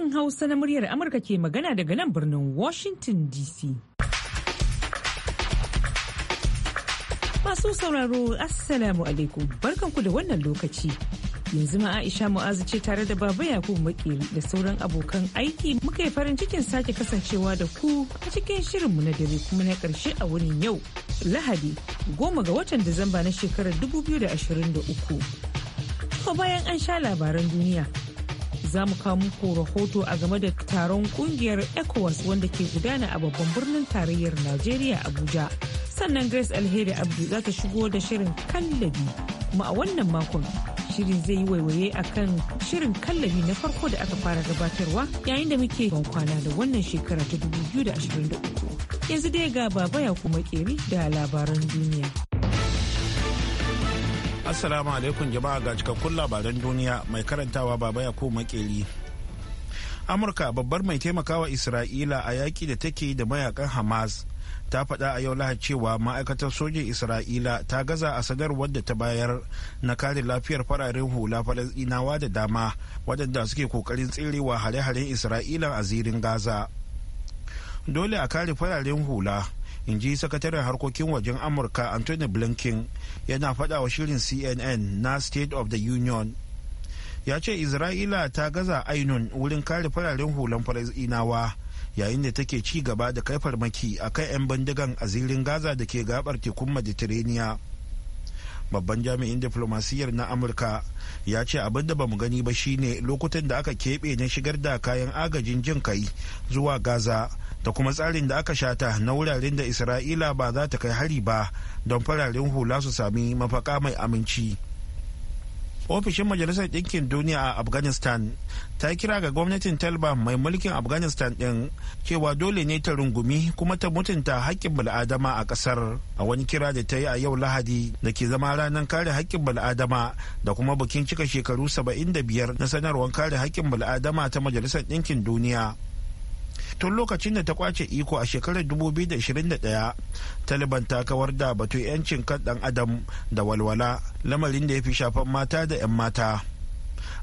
Sashen Hausa na muryar Amurka ke magana daga nan birnin Washington DC. Masu sauraro Assalamu alaikum barkanku da wannan lokaci. Yanzu ma Aisha Mu'azu ce tare da Baba Yakubu Makeri da sauran abokan aiki muka yi farin cikin sake kasancewa da ku a cikin shirinmu na dare kuma na ƙarshe a wurin yau Lahadi goma ga watan Disamba na shekarar 2023. Ko bayan an sha labaran duniya za mu kawo muku rahoto a game da taron kungiyar ecowas wanda ke gudana a babban birnin tarayyar najeriya abuja sannan grace alheri abdu za ta shigo da shirin kallabi kuma a wannan makon shirin zai yi waiwaye kan shirin kallabi na farko da aka fara gabatarwa yayin da muke ban kwana da wannan shekara ta 2023 yanzu dai ga baba ya kuma keri da labaran duniya Assalamu alaikum jama'a ga cikakkun labaran duniya mai karantawa baba ya ko makeri. Amurka babbar mai taimakawa Isra'ila a yaƙi da take da mayakan Hamas ta faɗa a yau lahar cewa ma'aikatar sojin Isra'ila ta gaza a sadar wadda ta bayar na kare lafiyar fararen hula falasɗinawa da dama waɗanda suke ƙoƙarin tserewa hare-haren Isra'ila a zirin Gaza. Dole a kare fararen hula. in ji sakataren harkokin wajen amurka anthony blinken yana faɗa wa shirin cnn na state of the union ya ce isra'ila ta gaza ainun wurin kare fararen hulan falasɗinawa yayin da take ci gaba da kai farmaki a kan 'yan bindigan azirin gaza da ke gabar tekun mediterania babban jami'in diflomasiyyar na amurka ya ce abin da bamu gani ba shine lokutan da aka keɓe na shigar da kayan agajin jin kai zuwa gaza da kuma tsarin da aka shata na wuraren da isra'ila ba za ta kai hari ba don fararen hula su sami mafaka mai aminci ofishin majalisar ɗinkin duniya a afghanistan ta kira ga gwamnatin talba mai mulkin afghanistan ɗin cewa dole ne ta rungumi kuma ta mutunta haƙƙin bal'adama a ƙasar a wani kira da ta yi a yau lahadi da ke zama ranar kare haƙƙin bal'adama da kuma bikin cika shekaru 75 na sanarwar kare haƙƙin bal'adama ta majalisar ɗinkin duniya tun lokacin da ta kwace iko a shekarar 2021 taliban ta kawar da batu 'yancin kan dan adam da walwala lamarin da ya fi shafan mata da 'yan mata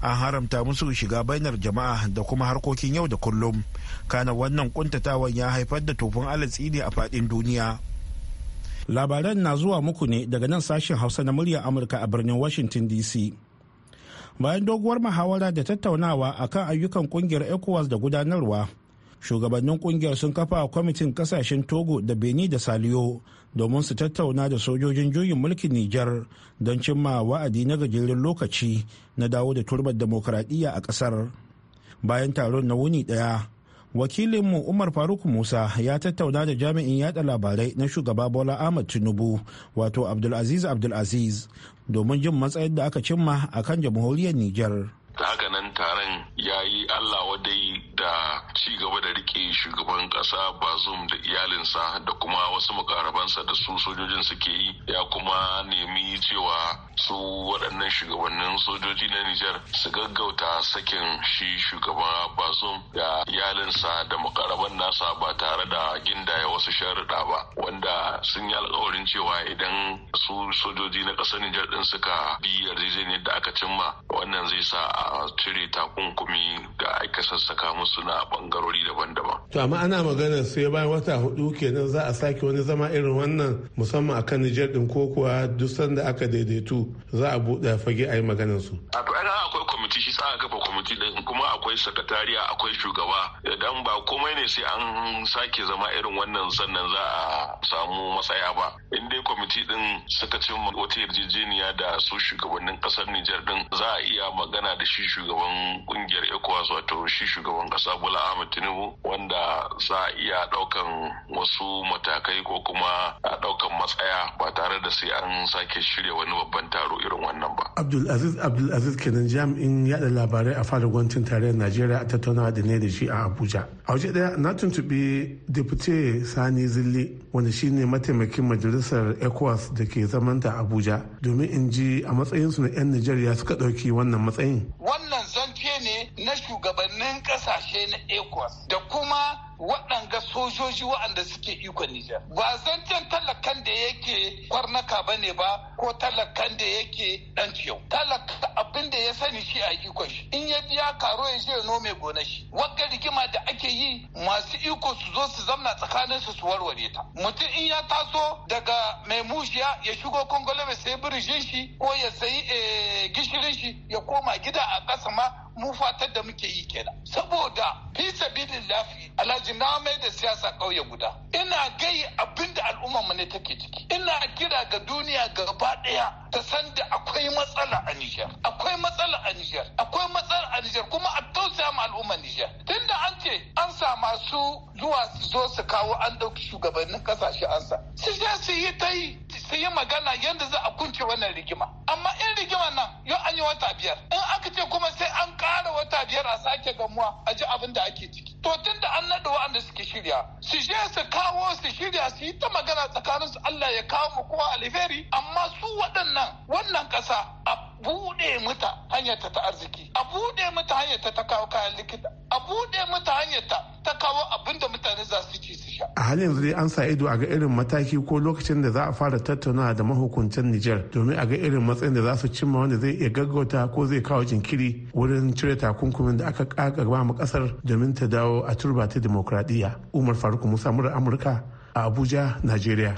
an haramta musu shiga bainar jama'a da kuma harkokin yau da kullum kana wannan kuntatawan ya haifar da tofin alatsi ne a fadin duniya labaran na zuwa muku ne daga nan sashen hausa na muryar amurka a birnin washington dc bayan doguwar muhawara da tattaunawa akan ayyukan kungiyar ecowas da gudanarwa shugabannin kungiyar sun kafa kwamitin kasashen togo da beni da saliyo domin su tattauna da sojojin juyin mulkin nijar don cimma wa'adi na gajeren lokaci na dawo da turbar demokradiyya a kasar bayan taron na wuni daya wakilinmu umar faruk musa ya tattauna da jami'in yada labarai na shugaba bola ahmad tinubu wato abdulaziz abdulaziz domin jin matsayin da aka cimma akan jamhuriyar nijar ta haka nan taron ya yi allah wadai da ci gaba da rike shugaban kasa bazum da iyalinsa da kuma wasu mukarabansa da su sojojin suke yi ya kuma nemi cewa su waɗannan shugabannin sojoji na nijar su gaggauta sakin shi shugaban bazum da iyalinsa da mukaraban nasa ba tare da gindaya wasu sharuɗa ba sun yi alkawarin cewa idan su sojoji na ƙasar Nijar din suka bi yarjejeniyar da aka cimma wannan zai sa a cire takunkumi ga aika sassaka musu na bangarori daban-daban. To amma ana magana sai bayan wata hudu kenan za a sake wani zama irin wannan musamman akan Nijar din ko kuwa duk sanda aka daidaitu za a buɗe fage a yi maganar su. A akwai kwamiti shi tsaka kafa kwamiti din kuma akwai sakatariya akwai shugaba idan ba komai ne sai an sake zama irin wannan sannan za a samu matsaya ba in dai kwamiti din suka ci wata yarjejeniya da su shugabannin kasar Nijar din za a iya magana da shi shugaban kungiyar ECOWAS wato shi shugaban kasa Bola Ahmed Tinubu wanda za a iya daukan wasu matakai ko kuma a daukan matsaya ba tare da sai an sake shirya wani babban taro irin wannan ba. Abdul Aziz Abdul Aziz kenan jami'in yada labarai a fara gwancin tarayyar najeriya a tattaunawa da ne da shi a abuja a waje daya na tuntuɓi depute sani zilli wanda shine mataimakin majalisar ecowas da ke zamanta abuja domin in ji a matsayinsu na 'yan najeriya suka ɗauki wannan matsayin ne na shugabannin kasashe na ECOWAS da kuma waɗanga sojoji waɗanda suke iko Nijar. Ba zancen talakan da yake kwarnaka ba ne ba ko talakan da yake ɗan ciyau. Talaka abin da ya sani shi a ikon shi. In ya biya karo ya je nome gona shi. Wagga rigima da ake yi masu iko su zo su zamna tsakanin su su warware ta. Mutum in ya taso daga mai mushiya ya shigo Kongole mai sai birjin shi ko ya sayi eh, gishirin shi ya koma gida a ƙasa ma mu fatar da muke yi kenan saboda fi sabilin lafi alhaji na mai da siyasa ƙauye guda ina gai abin da al'umma mu ne take ciki ina kira ga duniya gaba ɗaya ta san da akwai matsala a Nijar akwai matsala a Nijar akwai matsala a Niger kuma a tausaya ma al'umma Nijar tunda an ce an sa masu zuwa su zo su kawo an ɗauki shugabannin kasashe an sa su je su yi ta yi su yi magana yadda za a kunce wannan rigima amma in rigima nan yau an yi wata biyar in aka damuwa a ji abin da ake ciki to tun da an naɗa waɗanda suke shirya su je su kawo su shirya su yi ta magana tsakaninsu Allah ya kawo mu kowa alheri amma su waɗannan wannan ƙasa a buɗe mata hanyar ta arziki a buɗe mata hanyar ta kawo kayan likita a buɗe mata hanyar ta kawo abin da mutane za su ci su sha a halin yanzu dai an sa ido a ga irin mataki ko lokacin da za a fara tattaunawa da mahukuntan Nijar domin a ga irin matsayin da za su cimma wanda zai iya gaggauta ko zai kawo jinkiri wurin cire takunkumin da aka ba mu kasar domin ta dawo a turba ta demokradiyya Umar Faruk Musa murar Amurka a Abuja, Najeriya.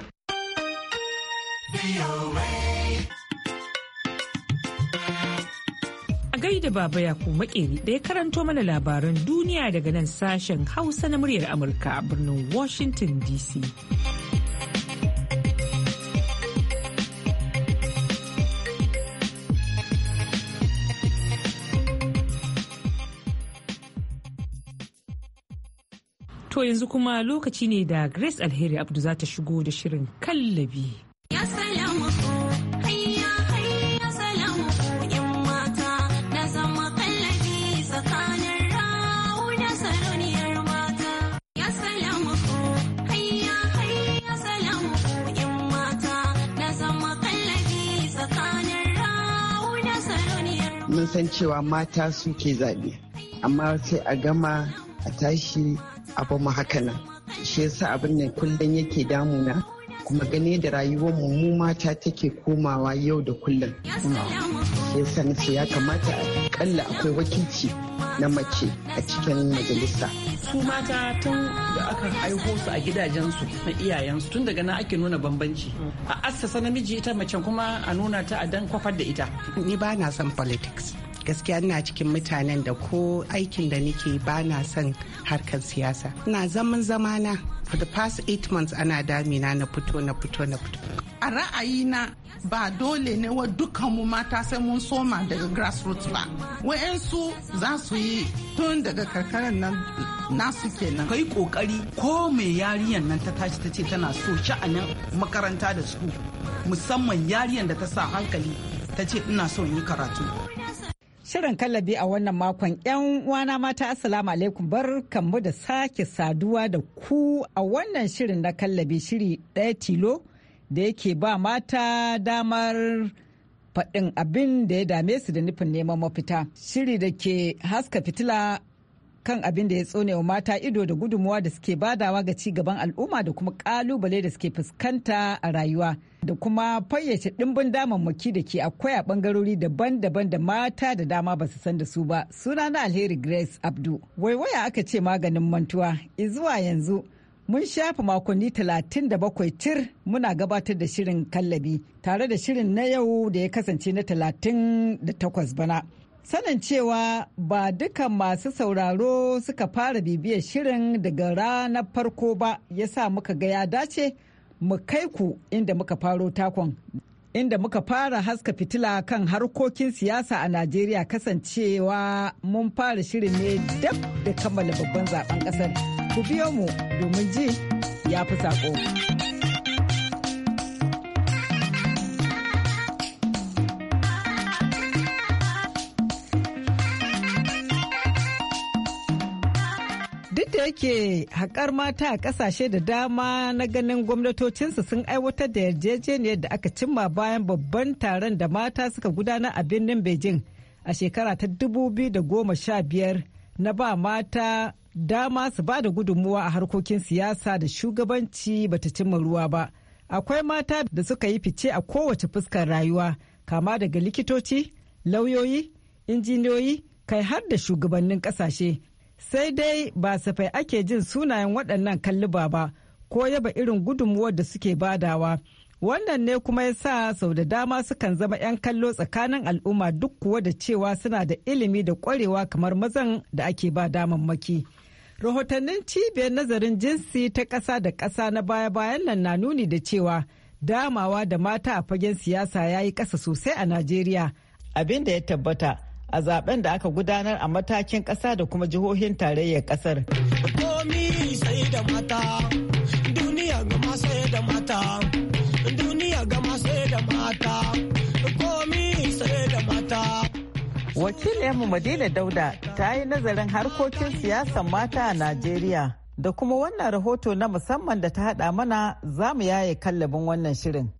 gaida baba ya makeri da ya karanto mana labaran duniya daga nan sashen hausa na muryar amurka a birnin washington dc To yanzu kuma lokaci ne da Grace Alheri Abdu za ta shigo da shirin kallabi. san cewa mata suke zaɓe amma sai a gama a tashi a bamu haka nan shi yasa abin nan kullum yake damuna kuma gane da rayuwar mu mu mata take komawa yau da kullum yasa nace ya kamata a kalla akwai wakilci na mace a cikin majalisa. Su mata tun da aka aiho su a gidajensu na iyayensu tun daga na ake nuna bambanci. A assasa namiji ita mace kuma a nuna ta a dan kwafar da ita. Ni ba na son politics. gaskiya ina cikin mutanen da ko aikin da nake ba na son harkar siyasa na zaman zamana for the past eight months ana damina na fito na fito na fito a ra'ayina ba dole ne wa dukkanmu mata sai mun soma daga grassroots ba wayansu za su yi tun daga karkarar nan nasu kenan kai kokari ko mai yariyan nan ta tashi ta ce tana so sha'anin makaranta da su musamman yariyan da ta sa hankali ta ce ina son yi karatu Shirin kallabi a wannan makon 'yan wana mata assalamu alaikum bar kanmu da sake saduwa da ku a wannan shirin na kallabi shiri ɗaya tilo da yake ba mata damar faɗin abin da ya dame su da nufin neman mafita. Shiri da ke haska fitila kan abin da ya tsone wa mata ido da gudunmuwa da suke badawa ga ci gaban al'umma da kuma kalubale da suke fuskanta a rayuwa da kuma fayyace dimbin damammaki da ke akwai a bangarori daban-daban da mata da dama ba su san da su ba suna na alheri grace abdu waiwaya aka ce maganin mantuwa zuwa yanzu mun shafa makonni 37 tir muna gabatar da shirin kallabi tare da shirin na yau da ya kasance na 38 bana Sanin cewa ba dukan masu sauraro suka fara bibiyar shirin daga ranar farko ba ya sa muka ga ya dace mu kai ku inda muka faro takon. Inda muka fara haska fitila kan harkokin siyasa a Najeriya kasancewa mun fara shirin ne dab da kammala babban zaben kasar. Ku biyo mu domin ji ya fi saƙo. yake haƙar mata a ƙasashe da dama na ganin gwamnatocinsu sun aiwatar da yarjejeniyar da aka cimma bayan babban taron da mata suka gudana a birnin Beijing a shekara ta 2015 na ba mata dama su ba da gudunmuwa a harkokin siyasa da shugabanci bata cimma ruwa ba. Akwai mata da suka yi fice a kowace fuskar rayuwa, kama daga likitoci, lauyoyi, injiniyoyi, kai har da shugabannin ƙasashe. sai dai ba safai ake jin sunayen waɗannan kalliba ba ko yaba irin gudunmuwar da suke badawa wannan ne kuma ya sa sau da dama sukan zama 'yan kallo tsakanin al'umma duk kuwa da cewa suna da ilimi da ƙwarewa kamar mazan da ake ba damammaki rahotannin cibiyar nazarin jinsi ta ƙasa da ƙasa na baya-bayan nan na nuni da cewa damawa da mata a fagen siyasa ya yi ƙasa sosai a najeriya abin da ya tabbata a zaben da aka gudanar a matakin ƙasa da kuma jihohin tarayyar ƙasar. Wakil sai Madina Dauda ta yi nazarin harkokin siyasar mata a Najeriya da kuma wannan rahoto na musamman da ta haɗa mana za mu yaye kallabin wannan shirin.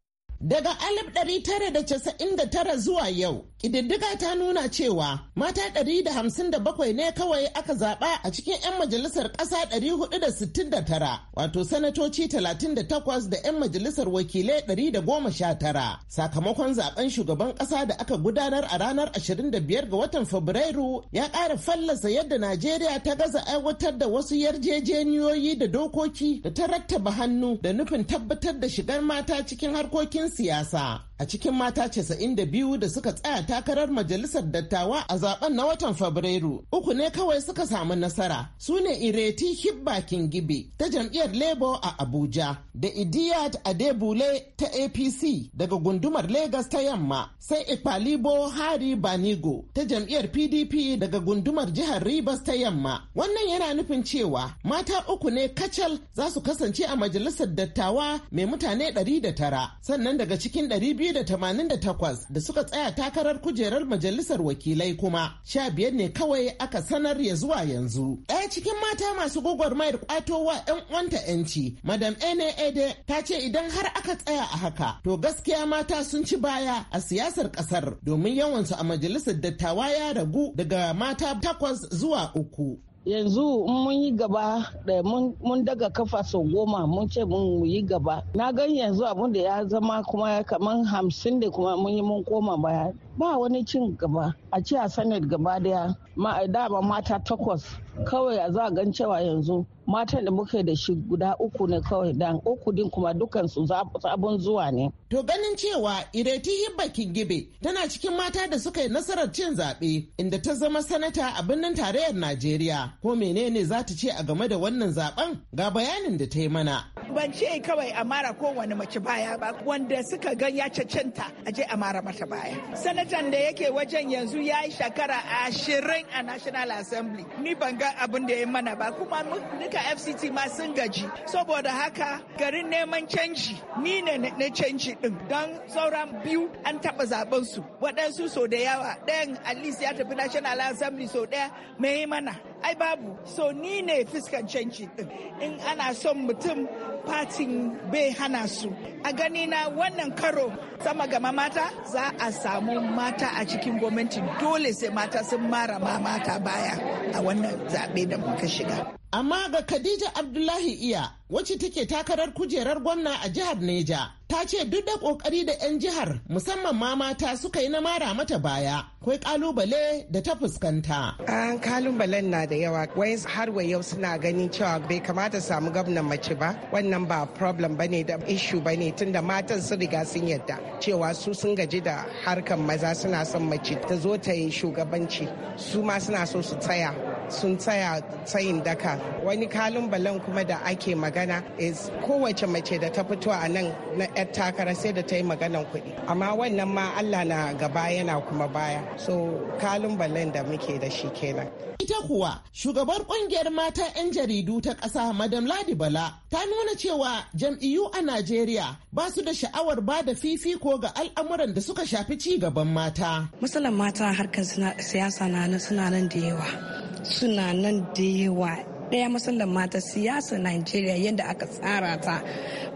Daga 1999 zuwa yau, ƙididdiga ta nuna cewa mata 157 ne kawai aka zaɓa a cikin 'yan majalisar ƙasa 469, wato sanatoci 38 da 'yan majalisar wakilai 119. Sakamakon zaɓen shugaban ƙasa da aka gudanar a ranar 25 ga watan Fabrairu ya ƙara fallasa yadda Najeriya ta gaza aiwatar da wasu yarjejeniyoyi da dokoki da ta rattaba hannu da nufin tabbatar da shigar mata cikin harkokin 是啊。a cikin mata 92 da suka tsaya takarar majalisar dattawa a zaben na watan fabrairu uku ne kawai suka samu nasara su ne ireti hibba kingibe ta jam'iyyar labour a abuja da idiyat adebule ta apc daga gundumar Legas ta yamma sai ipalibo hari banigo ta jam'iyyar pdp daga gundumar jihar ribas ta yamma wannan yana nufin cewa mata uku ne kacal za su kasance a majalisar dattawa mai mutane 109 sannan daga cikin 200 288 da suka tsaya takarar kujerar majalisar wakilai kuma sha biyar ne kawai aka sanar ya zuwa yanzu. Ɗaya cikin mata masu gwagwarmayar wa 'yan uwanta 'yanci, Madam Ene Ede ta ce idan har aka tsaya a haka, to gaskiya mata sun ci baya a siyasar ƙasar domin yawansu a majalisar dattawa ya ragu daga mata takwas zuwa uku. yanzu mun yi gaba da mun daga kafa sau goma mun ce mun yi gaba na gan yanzu abin da ya zama kuma kamar hamsin da kuma mun yi mun koma baya ba wani cin gaba a ce a senate gaba daya dama mata takwas kawai a za gan cewa yanzu matan da muke da shi guda uku ne kawai dan uku din kuma dukan su sabon zuwa ne to ganin cewa ireti hibba gibe tana cikin mata da suka yi nasarar cin zaɓe inda ta zama sanata a birnin tarayyar najeriya ko menene za ta ce a game da wannan zaben ga bayanin da ta yi mana ban ce kawai a mara kowane mace baya ba wanda suka gan ya cancanta a je a mara mata baya sanatan da yake wajen yanzu ya yi shekara ashirin a national assembly ni ban ga abin da ya yi mana ba kuma duka da fct ma sun gaji saboda haka garin neman canji ni ne na canji ɗin don sauran biyu an taɓa zaɓen su waɗansu sau da yawa ɗayan at least ya tafi national assembly sau ɗaya mai mana ai babu so ni ne fiskan canci in ana son mutum fatin bai hana su a gani na wannan karo sama gama mata za a samu mata a cikin gwamnati dole sai mata sun mara ma mata baya a wannan zaɓe da muka shiga amma ga khadija abdullahi iya wacce take takarar kujerar gwamna a jihar neja ta ce duk da kokari da 'yan jihar musamman ma mata suka yi na mara mata baya kai kalubale da ta fuskanta. An kalubalen na da yawa wai har wa yau suna ganin cewa bai kamata samu gwamnan mace ba wannan ba problem bane da issue bane tunda matan sun riga sun yadda cewa su sun gaji da harkan maza suna son mace ta zo ta yi shugabanci su ma suna so su tsaya sun tsaya tsayin daka wani kalin balon kuma da ake magana is kowace mace da ta fito a nan na 'yar takara sai da ta yi maganan kuɗi amma wannan ma allah na gaba yana kuma baya so kalin balon da muke da shi kenan ita kuwa shugabar kungiyar mata 'yan jaridu ta ƙasa madam ladi bala ta nuna cewa jam'iyyu a Najeriya ba su da sha'awar ba da fifiko ga al'amuran da suka shafi ci gaban mata. Matsalar mata harkar siyasa na nan suna nan da yawa. Suna nan da yawa. Ɗaya matsalar mata siyasa Najeriya yadda aka tsara ta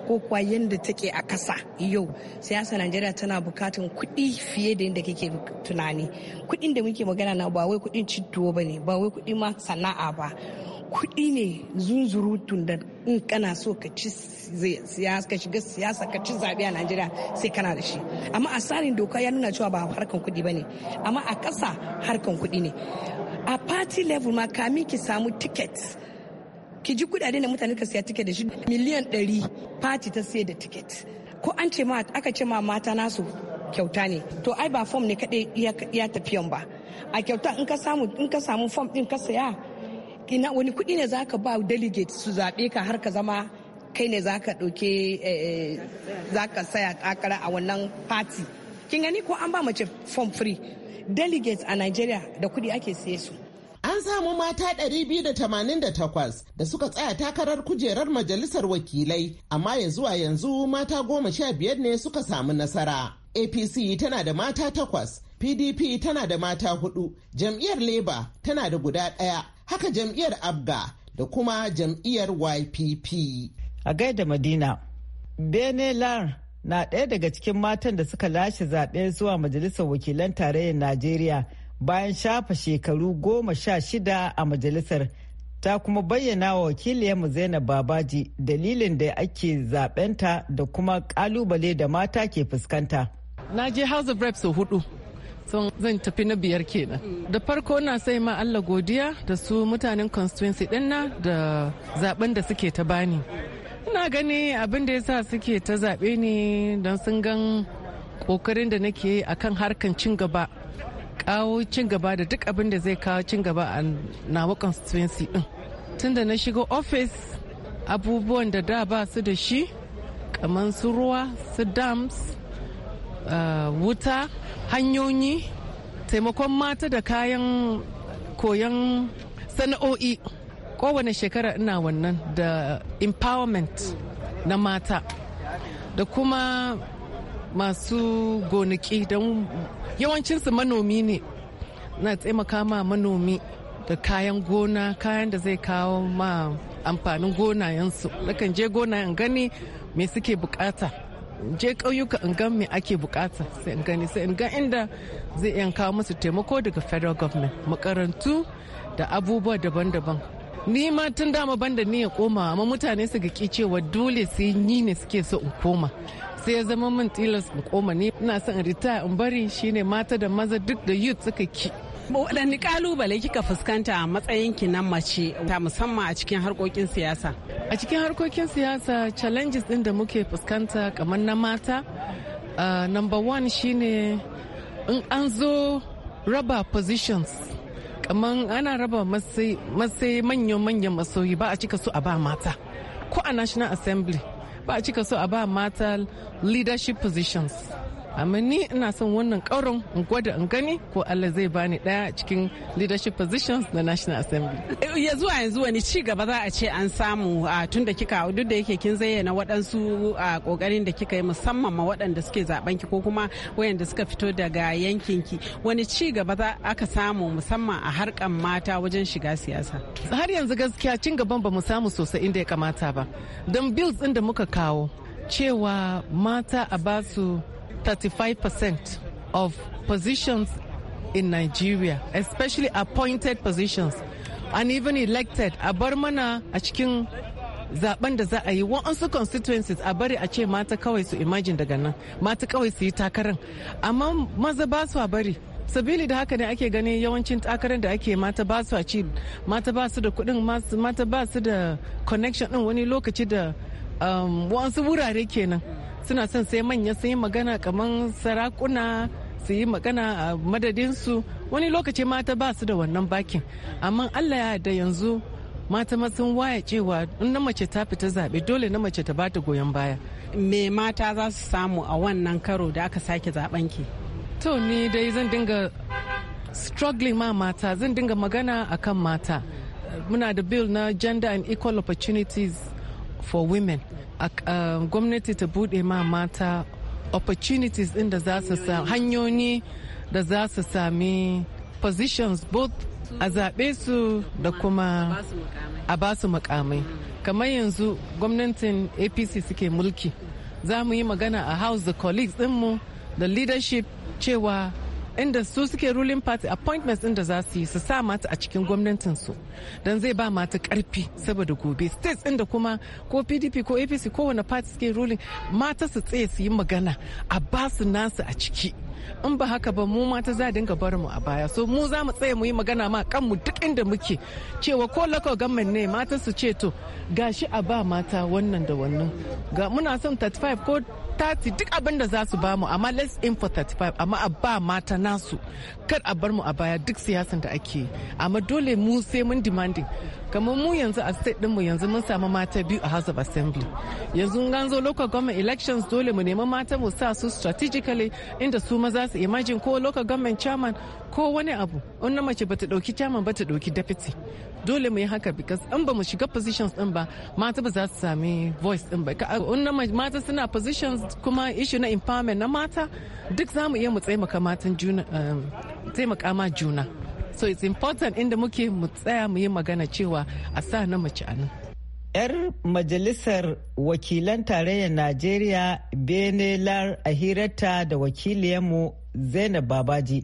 ko kuwa yadda take a kasa yau siyasa najeriya tana bukatun kuɗi fiye da yadda kake tunani kuɗin da muke magana na ba wai kuɗin ciddo ba ne ba wai kuɗin ma sana'a ba kuɗi ne zunzurutun da in kana so ka ci siyasa ka shiga siyasa ka ci zaɓe a Najeriya sai kana da shi amma a tsarin doka ya nuna cewa ba harkan kuɗi bane amma a ƙasa harkan kuɗi ne a party level ma kamin ki samu ticket ki ji kuɗaɗe da mutane ka siya ticket da shi miliyan ɗari party ta siya da ticket ko an ce ma aka ce ma mata nasu kyauta ne to ai ba fom ne kaɗai ya tafiyan ba a kyauta in ka samu in ka samu fom ɗin ka saya ina wani kuɗi ne za ba delegate su zaɓe ka har ka zama kai ne za ka ɗauke eh, eh, za saya takara a wannan party kin gani ko an ba mace form free delegates a nigeria da kuɗi ake siye su an samu mata 288 da suka tsaya takarar kujerar majalisar wakilai amma ya zuwa yanzu mata goma sha biyar ne suka samu nasara apc tana da mata takwas pdp tana da mata hudu jam'iyyar labour tana da guda ɗaya haka jam'iyyar abga da kuma jam'iyyar ypp a gaida madina bene lar na ɗaya daga cikin matan da suka lashe zaɓe zuwa majalisar wakilan tarayyar najeriya bayan shafa shekaru goma sha shida a majalisar ta kuma bayyana wa wakiliyarmu zainab babaji dalilin da ake zaɓenta da kuma ƙalubale da mata ke fuskanta na je house of reps hudu zan tafi na biyar kenan da farko na sai ma allah godiya da su mutanen constituency dinna da zaben da suke ta bani ina gani abin da yasa suke ta zaɓe ne don sun gan ƙoƙarin da nake akan harkan cin gaba kawo cin gaba da duk abin da zai kawo cin gaba a nawa constituency din tun da na shiga office abubuwan da da ba su da shi kamar su ruwa su dams Eh, wuta hanyoyi taimakon mata da kayan koyan sana'o'i kowane shekara ina wannan da empowerment na mata da kuma masu gonaki don yawancinsu manomi ne na taimaka ma manomi da kayan gona kayan da zai kawo ma amfanin gonayensu nakan je gonayen gani me suke bukata je ƙauyuka in ga me ake bukata sai in gani sai in ga inda zai iya kawo musu taimako daga federal government makarantu da abubuwa daban-daban ni ma tun dama banda ni ya koma amma mutane su ga cewa dole sai yi ne suke so in koma sai ya zama min tilas in koma ni ina son in ritaya in bari shine mata da maza duk da youth suka ki waɗanne kalubale kika fuskanta a matsayin ki na mace ta musamman a cikin harkokin siyasa a cikin harkokin siyasa challenges ɗin da muke fuskanta kamar na mata number one shine in an zo raba positions kamar ana raba matsayi manyan-manyan masoyi ba a cika so a ba mata ko a national assembly ba a cika so a ba mata leadership positions amma ni ina son wannan ƙaurin in gwada in gani ko Allah zai bani ɗaya cikin leadership positions na National Assembly. Ya zuwa yanzu wani ci gaba za a ce an samu a tun da kika duk da yake kin zayyana waɗansu a ƙoƙarin da kika yi musamman ma waɗanda suke zaben ki ko kuma wayanda suka fito daga yankin ki wani ci gaba za aka samu musamman a harkan mata wajen shiga siyasa. Har yanzu gaskiya cin gaban bamu samu sosai inda ya kamata ba. Don bills ɗin da muka kawo cewa mata a basu 35% of positions in Nigeria, especially appointed positions and even elected. A bar mana a cikin zaben da za a yi wa'ansu constituencies a bari a ce mata kawai su imagine daga nan mata kawai su yi takarar amma maza ba su a bari sabili da haka ne ake ganin yawancin takarar da ake mata ba su a ci mata ba su da kudin mata ba su da connection din wani lokaci da um, wa'ansu wurare kenan suna son sai manya sun yi magana kamar sarakuna su yi magana a madadinsu wani lokaci mata ba su da wannan bakin amma allah ya da yanzu mata sun waya cewa in na mace ta fita zaɓe dole na mace ta ba ta goyon baya me mata za su samu a wannan karo da aka sake zaben ki to ni dai zan dinga struggling ma mata zan dinga magana akan mata muna da bill na gender and equal opportunities for women gwamnati ta bude ma mata opportunities din da za su sa hanyoyi da za su sami positions both a zaɓe su da kuma a ba su makamai kamar yanzu gwamnatin apc suke mulki za mu yi magana a house da colleagues dinmu da leadership cewa inda su suke ruling party appointments inda za su yi su sa mata a cikin gwamnatin su don zai ba mata karfi saboda gobe states inda kuma ko pdp ko apc ko wani party suke ruling mata su tsaye su yi magana a ba su nasu a ciki in ba haka ba mu mata za dinga bar mu a baya so mu za mu tsaye mu yi magana ma kan mu duk inda muke cewa ko local gamman ne mata su ce to gashi a ba mata wannan da wannan ga muna son 35 ko 30 duk abin da za su ba mu amma let's in for 35 amma a ba mata nasu kar a bar mu a baya duk siyasan da ake yi amma dole mu sai mun demanding kamar mu yanzu a state mu yanzu mun samu mata biyu a house of assembly yanzu an zo local government elections dole mu nemi mata mu sa su strategically inda su maza su imagine ko local government chairman ko wani abu na mace bata dauki chairman bata dauki deputy dole mu yi haka because in ba mu shiga positions din ba mata ba za su sami voice din ba na mata suna positions kuma ishu na empowerment na mata duk za mu iya mu taimaka matan juna um, tsaimaka ma juna so it's important inda muke mu tsaya mu yi magana cewa a sa na mace a nan 'yar majalisar wakilan tarayyar najeriya benelar a hirarta da wakiliyanmu zainab babaji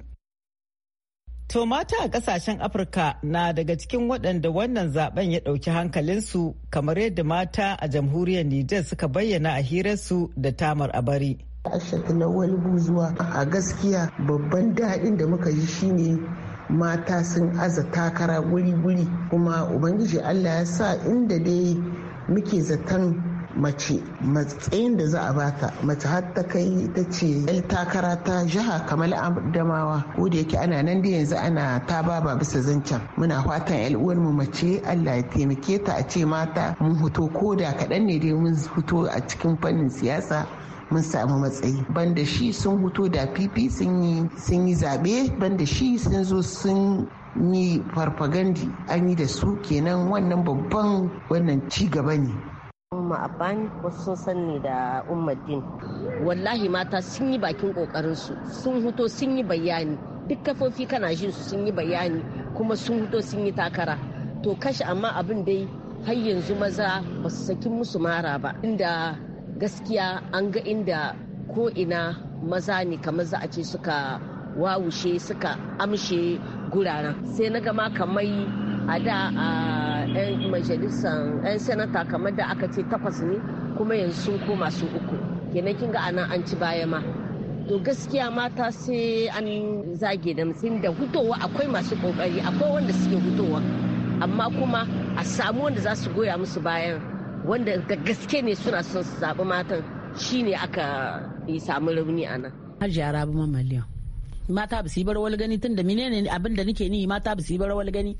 To mata a kasashen Afirka na daga cikin waɗanda wannan zaben ya ɗauki hankalinsu kamar yadda mata a jamhuriyar Nijar suka bayyana a hirarsu da tamar a bari. Ashatu na wani buzuwa a gaskiya babban daɗin da muka yi shine mata sun aza takara guri-guri kuma Ubangiji Allah ya sa inda dai muke zaton mace matsayin da za a bata mace har ta kai ta ce yan takara ta jiha kamar adamawa ko da yake ana nan da yanzu ana ta baba bisa zancen muna fatan yan mu mace Allah ya taimake ta a ce mata mun fito ko da kaɗan ne dai mun fito a cikin fannin siyasa mun samu matsayi banda shi sun huto da fifi sun yi zaɓe banda shi sun zo sun yi farfagandi an yi da su kenan wannan babban wannan ci gaba ne Umma Abani wasu sun sani da ummadin Wallahi mata sun yi bakin ƙoƙarinsu sun huto sun yi bayani duk kafofi kana jin su sun yi bayani kuma sun huto sun yi takara. To kashi amma abin dai har yanzu maza ba su saki musu mara ba inda gaskiya an ga inda ko ina maza ne kamar za a ce suka wawushe suka amshe guraren sai na gama kamar a da a 'yan majalisar 'yan sanata kamar da aka ce takwas ne kuma yanzu sun koma su uku kenan kinga anan an ci baya ma to gaskiya mata sai an zage da mutum da hutowa akwai masu kokari akwai wanda suke hutowa amma kuma a samu wanda za su goya musu bayan wanda da gaske ne suna son su zaɓi matan shine aka yi samu rauni a nan. jara Rabu Mamaliyan. mata ba su yi barwal gani tun da menene abin da nake nihi mata ba su yi barwal gani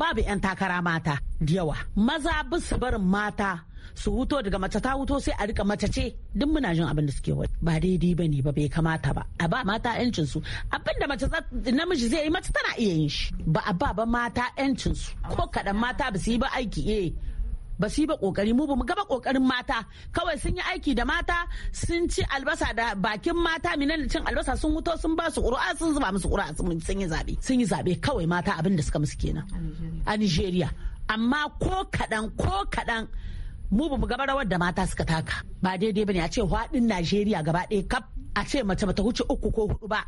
babu 'yan takara mata da yawa maza ba su barin mata su huto daga mace ta huto sai a rika mace ce duk muna jin abin da suke wani ba daidai ba ne ba bai kamata ba a ba mata yancin su abin da mace namiji zai yi mace tana iya yin shi ba a ba ba mata yancin su ko kadan mata ba su yi ba aiki eh ba su yi ba kokari mu ba mu gaba kokarin mata kawai sun yi aiki da mata sun ci albasa da bakin mata minan cin albasa sun wuto sun ba su qur'a sun zuba musu qur'a sun yi zabe sun yi zabe kawai mata abin da suka musu kenan a Nigeria amma ko kaɗan ko kaɗan mu ba mu gaba rawar da mata suka taka ba daidai bane a ce haɗin Najeriya gaba ɗaya kap. a ce mace bata wuce uku ko hudu ba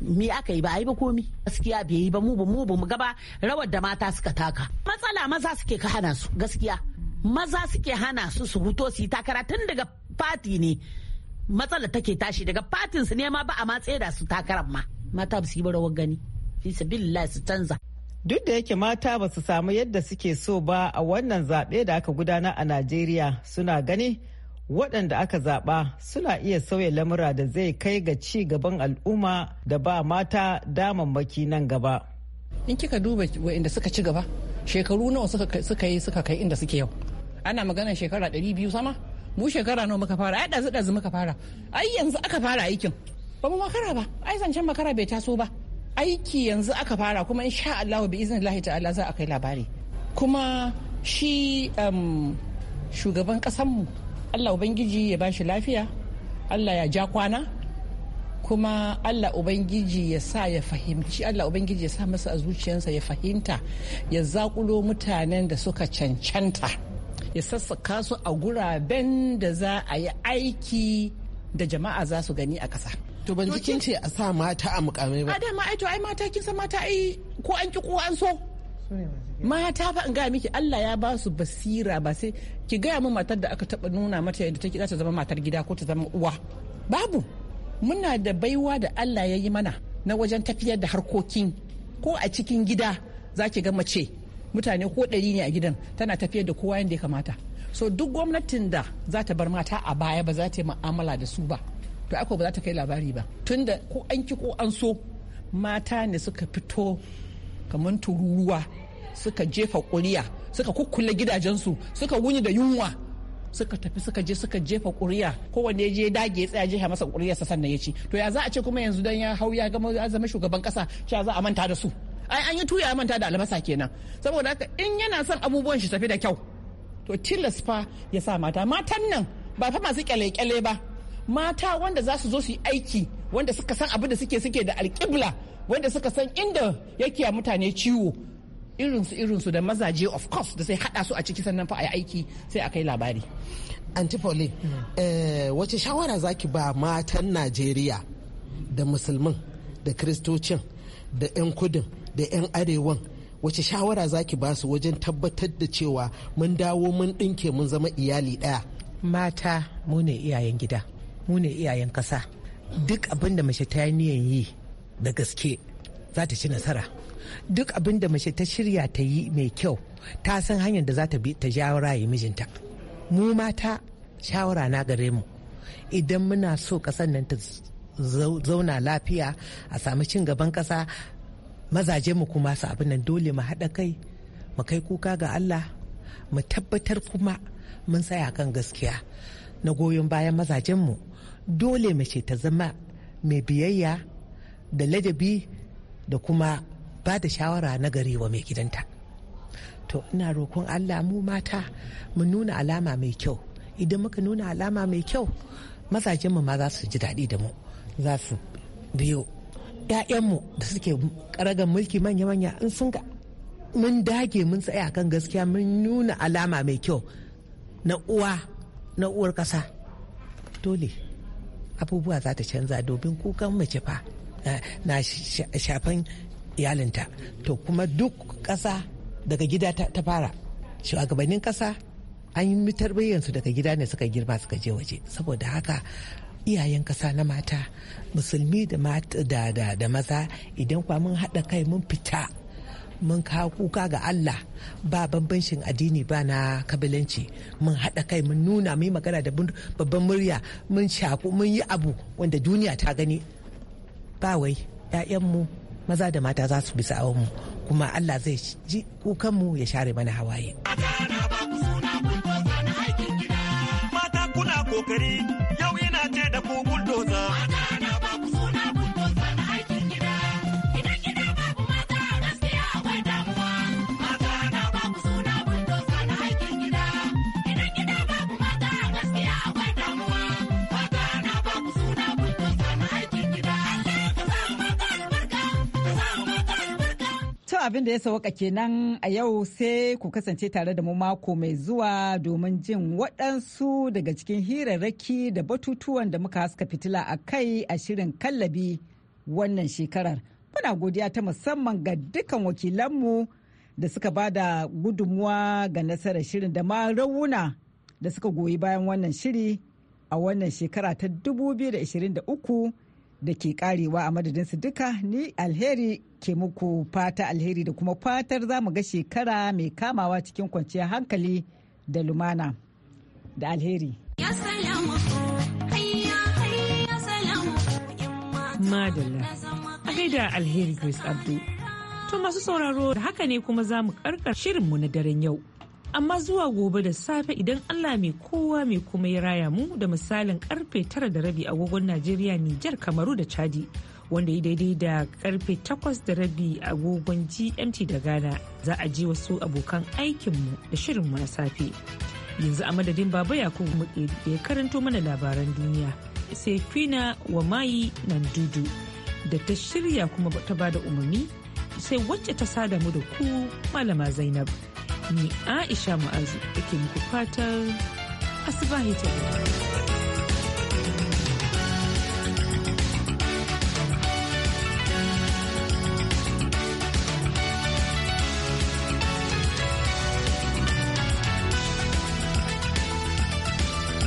me aka yi ba yi ba komi gaskiya bai yi ba mu ba mu ba mu gaba rawar da mata suka taka matsala maza suke ka hana su gaskiya maza suke hana su su huto su yi takara tun daga fati ne matsala take tashi daga fatin su ne ma ba a matse da su takarar ma mata ba su yi rawar gani fi su canza duk da yake mata ba su samu yadda suke so ba a wannan zaɓe da aka gudana a najeriya suna gani waɗanda aka zaɓa suna iya sauya lamura da zai kai ga ci gaban al'umma da ba mata damammaki nan gaba in kika duba inda suka ci gaba shekaru nawa suka yi suka kai inda suke yau ana magana shekara 200 sama mu shekara nawa muka fara ai ɗazu ɗazu muka fara ai yanzu aka fara aikin ba mu makara ba ai zancen makara bai taso ba aiki yanzu aka fara kuma insha Allah bi iznillahi ta'ala za a kai labari kuma shi um, shugaban kasanmu Allah ubangiji ya bashi lafiya Allah ya ja kwana kuma Allah Ubangiji ya sa ya fahimci Allah Ubangiji ya sa masa a zuciyarsa ya fahimta ya zaƙulo mutanen da suka cancanta ya sassaka su a guraben da za a yi aiki da jama'a za su gani a ƙasa. To ban jikin ce a sa mata a mukamai ba. Adama ai to ai mata kin san mata ai ko an ki ko an so. Mata fa in gaya miki Allah ya ba su basira ba sai ki gaya mu matar da aka taba nuna mata yadda take za ta zama matar gida ko ta zama uwa. Babu. muna da baiwa da Allah ya yi mana na wajen tafiyar da harkokin ko a cikin gida za ki ga mace mutane ko ɗari ne a gidan tana tafiyar da kowa yadda ya kamata so duk gwamnatin da za ta bar mata a baya ba za ta yi ma'amala da su ba to aka ba za ta kai labari ba tun da ko an ki ko an so mata ne suka fito kamar tururuwa suka jefa ƙuri'a suka kukkule gidajensu suka wuni da yunwa suka tafi suka je suka jefa ƙuri'a kowanne je dage tsaya jefa masa sa sannan ya ci to ya za a ce kuma yanzu dan ya hau ya gama zama shugaban ƙasa cewa za a manta da su ai an yi tuya manta da albasa kenan saboda haka in yana son abubuwan shi tafi da kyau to tilas fa ya sa mata matan nan ba fa masu kyale-kyale ba mata wanda za su zo su yi aiki wanda suka san abin da suke suke da alƙibla wanda suka san inda yake mutane ciwo irinsu irinsu da mazaje of course da sai haɗa su a ciki sannan fa a yi aiki sai a kai labari antipoli eh, wace shawara za ki ba matan najeriya da musulmin da kristocin da 'yan kudin da 'yan arewan wace shawara za ki ba su wajen tabbatar da cewa mun dawo mun ɗinke mun zama iyali ɗaya mata mu ne iyayen gida mu ne iyayen kasa duk abinda da mace ta niyan yi da gaske za ta ci nasara duk abin da mace ta shirya ta yi mai kyau ta san hanyar da za ta bi ta shawara rayu mijinta mu mata shawara na gare mu idan muna so ƙasar nan ta zauna lafiya a samu cin gaban ƙasa mazaje mu kuma su abin nan dole mu haɗa kai mu kai kuka ga Allah mu tabbatar kuma mun tsaya kan gaskiya na goyon bayan mazajen mu dole mace ta zama mai biyayya da ladabi da kuma ba da shawara na gari wa mai gidanta to ina roƙon allah mu mata mu nuna alama mai kyau idan muka nuna alama mai kyau mazajenmu ma za su ji daɗi da mu za su biyo ‘ya'yanmu da suke ƙaragan mulki manya-manya in sun ga mun dage mun tsaya kan gaskiya mun nuna alama mai kyau na uwa na uwar ƙasa dole abubuwa za ta canza domin kukan mace fa eh, na shafan iyalinta to kuma duk ƙasa daga gida ta fara shugabannin ƙasa an yi mitar bayyansu daga gida ne suka girma suka je waje saboda haka iyayen ƙasa na mata musulmi da da maza idan kwa mun haɗa kai mun fita mun kawo kuka ga Allah ba bambancin addini ba na kabilanci mun haɗa kai mun nuna mun magana da babban murya mun shaku mun yi abu wanda duniya ta gani ba wai 'ya'yanmu maza da mata za su bisa mu kuma allah zai ji kukanmu ya share mana hawaye kokari yau yana ce da kugul abin da ya sauka kenan a yau sai ku kasance tare da mu mako mai zuwa domin jin waɗansu daga cikin hirarraki da batutuwan da muka haska fitila a kai a shirin kallabi wannan shekarar. Muna godiya ta musamman ga dukkan wakilanmu da suka ba da gudunmuwa ga nasarar shirin da ma rauna da suka goyi bayan wannan shiri a wannan shekara ta 2023 da ke karewa a madadinsu duka ni alheri ke muku fata alheri da kuma fatar za mu ga shekara mai kamawa cikin kwanciyar hankali da lumana da alheri. Madalla, a gaida alheri Grace Abdu. To masu sauraro da haka ne kuma za mu karkar shirinmu na daren yau. amma zuwa gobe da safe idan Allah mai kowa mai kuma ya raya mu da misalin karfe tara da rabi agogon Najeriya Nijar Kamaru da Chadi wanda ya daidai da karfe takwas da rabi agogon GMT da Ghana za a ji wasu abokan aikinmu da shirinmu na safe. Yanzu a madadin Baba Yakubu muke da ya karanto mana labaran duniya sai Fina wa Mayi nan dudu da ta shirya kuma ta bada umarni sai wacce ta sada mu da ku Malama Zainab. ni aisha ma'azu da ke muku fatar asibahi ta